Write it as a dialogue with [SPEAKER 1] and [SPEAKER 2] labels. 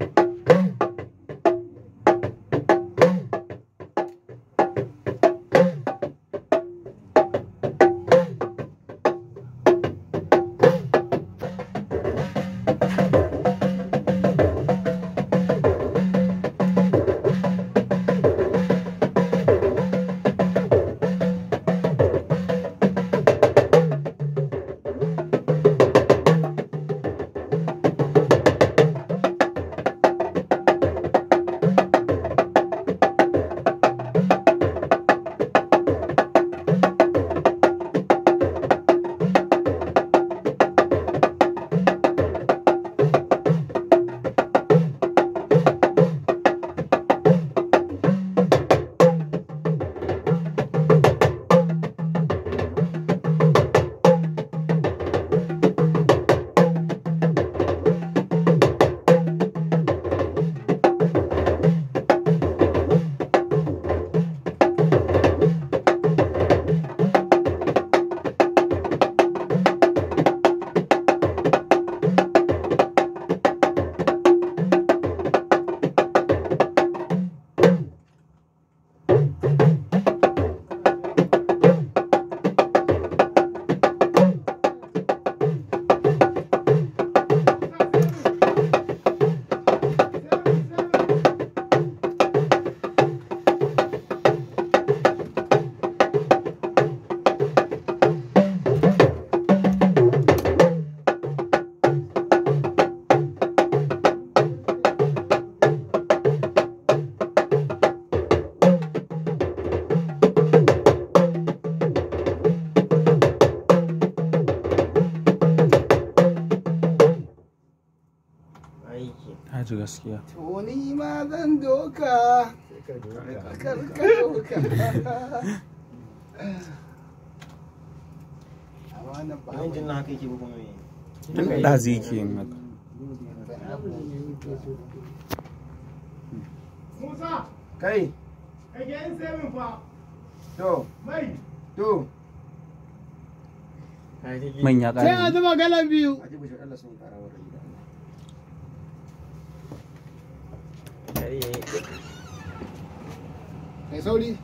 [SPEAKER 1] you Alhaji gaskiya. ma zan doka. Ka doka. ke yin Musa. Kai. yin fa. To. Mai. To. Manya ƙari. Sai a zuba galan biyu. Kai sauri.